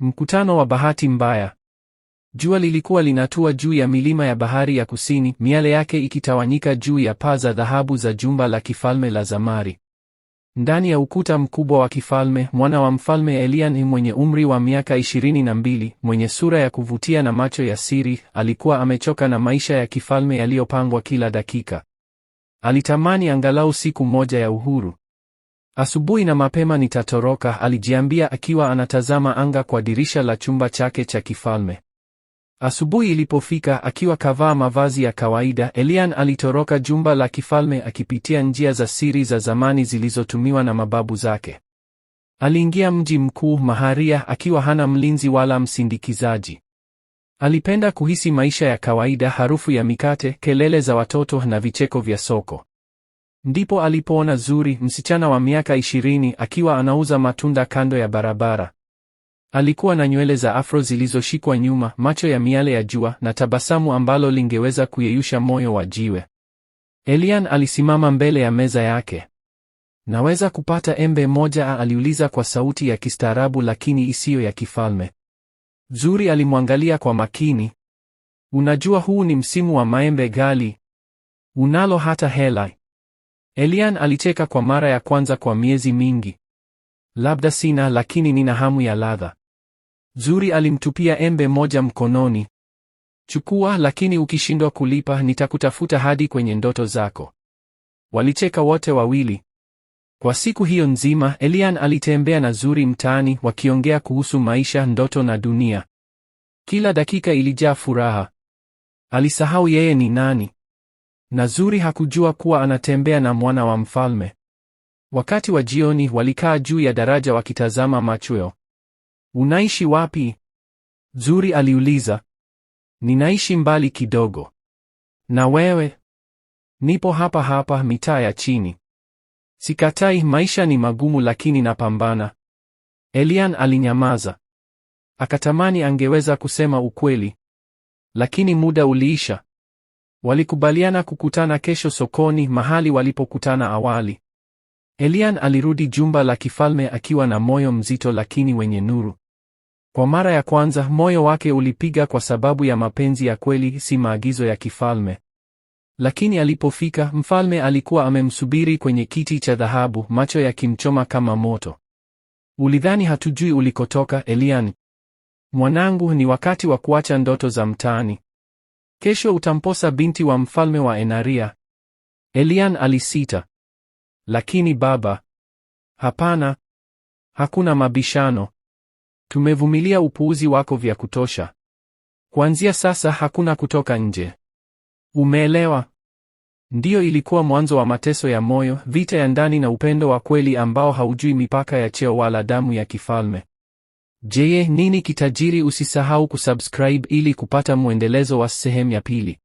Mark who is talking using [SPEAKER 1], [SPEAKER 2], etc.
[SPEAKER 1] Mkutano wa bahati mbaya. Jua lilikuwa linatua juu ya milima ya bahari ya kusini, miale yake ikitawanyika juu ya paa za dhahabu za jumba la kifalme la Zamari. Ndani ya ukuta mkubwa wa kifalme, mwana wa mfalme Elian mwenye umri wa miaka ishirini na mbili, mwenye sura ya kuvutia na macho ya siri, alikuwa amechoka na maisha ya kifalme yaliyopangwa kila dakika. Alitamani angalau siku moja ya uhuru. Asubuhi na mapema nitatoroka, alijiambia akiwa anatazama anga kwa dirisha la chumba chake cha kifalme. Asubuhi ilipofika, akiwa kavaa mavazi ya kawaida, Elian alitoroka jumba la kifalme akipitia njia za siri za zamani zilizotumiwa na mababu zake. Aliingia mji mkuu maharia akiwa hana mlinzi wala msindikizaji. Alipenda kuhisi maisha ya kawaida, harufu ya mikate, kelele za watoto na vicheko vya soko. Ndipo alipoona Zuri, msichana wa miaka ishirini, akiwa anauza matunda kando ya barabara. Alikuwa na nywele za afro zilizoshikwa nyuma, macho ya miale ya jua na tabasamu ambalo lingeweza kuyeyusha moyo wa jiwe. Elian alisimama mbele ya meza yake. Naweza kupata embe moja? aliuliza kwa sauti ya kistaarabu lakini isiyo ya kifalme. Zuri alimwangalia kwa makini. Unajua huu ni msimu wa maembe ghali. Unalo hata hela? Elian alicheka kwa mara ya kwanza kwa miezi mingi. Labda sina, lakini nina hamu ya ladha. Zuri alimtupia embe moja mkononi. Chukua, lakini ukishindwa kulipa nitakutafuta hadi kwenye ndoto zako. Walicheka wote wawili. Kwa siku hiyo nzima, Elian alitembea na Zuri mtaani wakiongea kuhusu maisha, ndoto na dunia. Kila dakika ilijaa furaha. Alisahau yeye ni nani. Nazuri hakujua kuwa anatembea na mwana wa mfalme. Wakati wa jioni walikaa juu ya daraja wakitazama machweo. Unaishi wapi? Zuri aliuliza. Ninaishi mbali kidogo. Na wewe? Nipo hapa hapa mitaa ya chini. Sikatai, maisha ni magumu lakini napambana. Elian alinyamaza. Akatamani angeweza kusema ukweli. Lakini muda uliisha. Walikubaliana kukutana kesho sokoni, mahali walipokutana awali. Elian alirudi jumba la kifalme akiwa na moyo mzito lakini wenye nuru. Kwa mara ya kwanza moyo wake ulipiga kwa sababu ya mapenzi ya kweli, si maagizo ya kifalme. Lakini alipofika, mfalme alikuwa amemsubiri kwenye kiti cha dhahabu, macho yakimchoma kama moto. Ulidhani hatujui ulikotoka, Elian? Mwanangu, ni wakati wa kuacha ndoto za mtaani. Kesho utamposa binti wa mfalme wa Enaria. Elian alisita. Lakini baba, hapana. Hakuna mabishano. Tumevumilia upuuzi wako vya kutosha. Kuanzia sasa hakuna kutoka nje. Umeelewa? Ndiyo ilikuwa mwanzo wa mateso ya moyo, vita ya ndani na upendo wa kweli ambao haujui mipaka ya cheo wala damu ya kifalme. Je, nini kitajiri? Usisahau kusubscribe ili kupata mwendelezo wa sehemu ya pili.